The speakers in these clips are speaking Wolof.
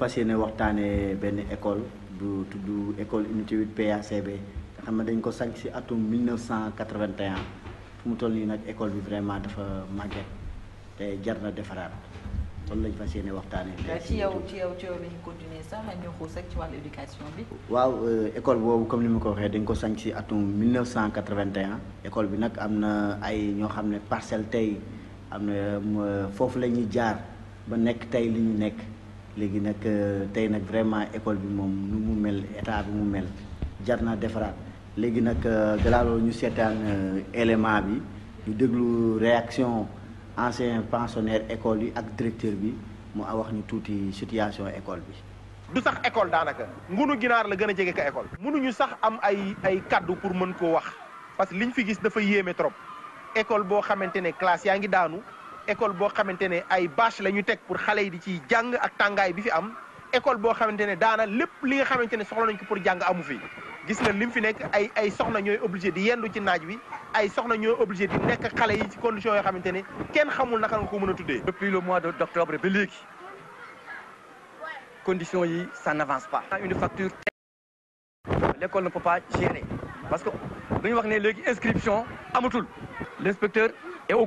fas yéene waxtaanee benn école bu tudd école unité xam ne dañ ko sanc si atum 1981 fu mu toll nii nag école bi vraiment dafa màgget jar na defaraat loolu lañ fas yéene waxtaanee. ci yow ci yow ci yow la ci wàllu éducation bi. waaw euh, école boobu comme ni ma ko waxee dañ ko sanc si atum 1981 école bi nag am na ay ñoo xam ne parcelle tey am na euh, foofu la ñuy jaar ba nekk tey li ñu nekk. léegi nag euh, tey nag vraiment école bi moom nu mu mel état bi mu mel jar naa defaraat léegi nag euh, galaa loolu ñu seetaan euh, élément bi ñu déglu réaction ancien pensionnaire école yi ak directeur bi mu wax ñu tuuti situation école bi du sax école daanaka ngunu ginaar la gën a jege ka école mënuñu sax am ay ay kaddu pour mën koo wax parce que liñ fi gis dafa yéeme trop école boo xamante ne classe yaa ngi daanu école boo xamante ne ay bâche la ñu teg pour xale yi di ci jàng ak tàngaay bi fi am école boo xamante ne daana lépp li nga xamante ne soxla nañ ko pour jàng amu fi gis na lim fi nekk ay ay soxna ñooy obligé di yendu ci naaj wi ay soxla ñooy obligé di nekk xale yi ci condition yoo xamante ne kenn xamul naka nga ko mën a tuddee. depuis le mois d'octobre ba léegi conditions yi ça n'avance pas. une facture l'école ne peut pas parce que lu wax ne léegi inscription amatul l'inspecteur est au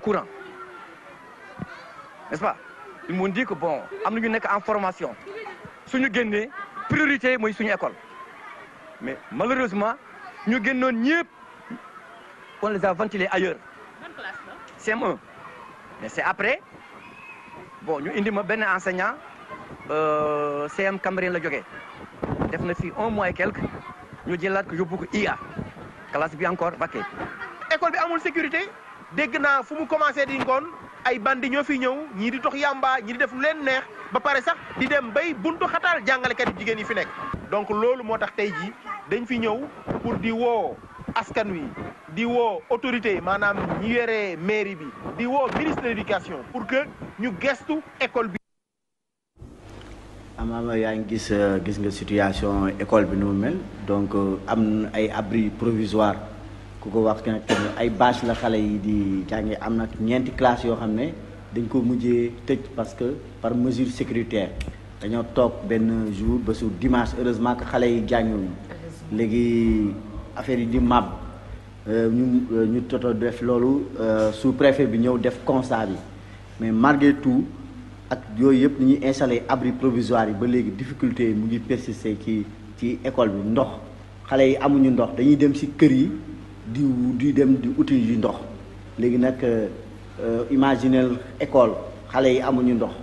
n'est-ce pas ils m'ont bon am na ñu nekk en formation suñu génnee priorité mooy suñu école mais malheureusement ñu génnoon ñëpp on les a ventilés ailleurs CM1 mais c'est après bon ñu indi ma benn enseignant euh, CM Cambérène la jógee def na fi un mois et quelque ñu jëlaat ko yóbbu ko IA classe bi encore vaquée école bi amul sécurité dégg naa fu mu commencé di ngoon ay bandi ñoo fi ñëw ñii di tox yàmba ñii di def leen neex ba pare sax di dem bay buntu xataal jàngalekat yi jigéen yi fi nekk donc loolu moo tax tey jii dañ fi ñëw pour di woo askan wi di woo autorité yi maanaam ñi yore mairie bi di woo ministre de l'éducation pour que ñu gestu école bi amaama yaa ngi gis gis nga situation école bi nu mu mel donc euh, am ay abri provisoire ku ko wax nag ay bâche la xale yi di jàngi am na ñeenti classe yoo xam ne dañ ko mujjee tëj parce que par mesure sécuritaire dañoo toog benn jour ba su dimanche heureusement que xale yi jàngiwuñu léegi affaire yi di mab euh, ñu euh, ñu toto def loolu euh, sous préfet bi ñëw def constat bi mais malgré tout ak yooyu yëpp ni ñuy installé abri provisoire yi ba léegi difficulté mu ngi persister ci ci école bi ndox xale yi amuñu ndox dañuy dem si kër yi di di dem di uti ji ndox léegi nag euh, euh, imaginel école xale yi amuñu ndox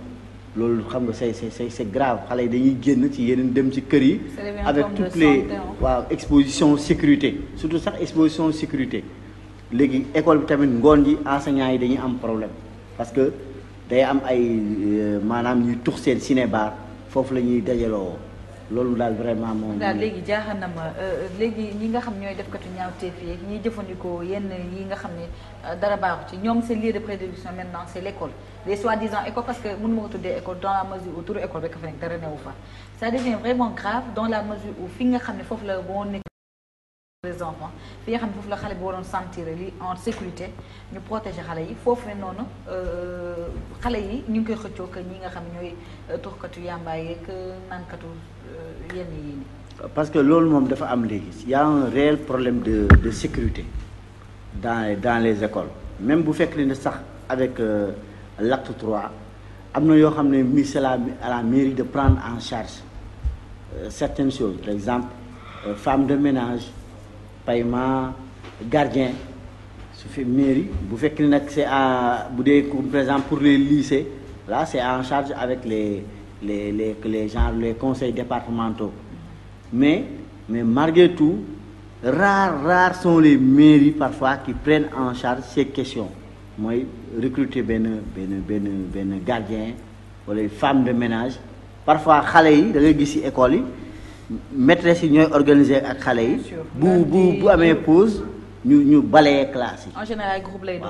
loolu xam nga c'est c'est c'est grave xale yi dañuy génn ci yeneen dem ci kër yi avec toutes les waaw exposition sécurité surtout sax exposition sécurité léegi école bi tamit ngoon ji enseignants yi dañuy am problème parce que day am ay euh, maanaam ñuy tux seen cinébar foofu la ñuy dajaloo loolu daal vraiment moom. daal léegi jaaxal na ma euh, léegi ñi nga xam ñooy defkatu ñaawteef yi ñiy jëfandikoo yenn yi nga xam ne euh, dara baaxu ci ñoom seen lieu de prédilection maintenant c' est l' école les soi-disant école parce que mënu ma ko tuddee école dans la mesure où turu école rek fa nekk dara newu fa ça devient vraiment grave dans la mesure où fi nga xam ne foofu la boo nekk. les enfants fi nga xam ne foofu la xale bi waroon sentir li en sécurité ñu protéger xale yi foofu ne noonu euh, xale yi ñu ngi koy xëccoo que ñi nga xam ñooy euh, tuxkatu yàmbaay yeeg euh, nankatu yenn yi ni parce que loolu moom dafa am léegi si a un réel problème de de sécurité dans dans les écoles même bu fekk ne sax avec euh, l'acte am na yoo xam ne mi c'est la à la mairie de prendre en charge euh, certaines choses par exemple femme de ménage paiement gardien su fi mairie bu fekk ni nag c'est à bu dee par pour les lycées là c'est en charge avec les les les les gens les conseils départementaux mais mais malgré tout rares rares sont les mairies parfois qui prennent en charge ces questions mooy recruter benn benn benn benn gardien wala femme de ménage parfois xale yi da ngay gis école yi maîtresse yi ñooy organiser ak xale yi. bu bu bu amee pause ñu ñu balayé classe yi. en général groupe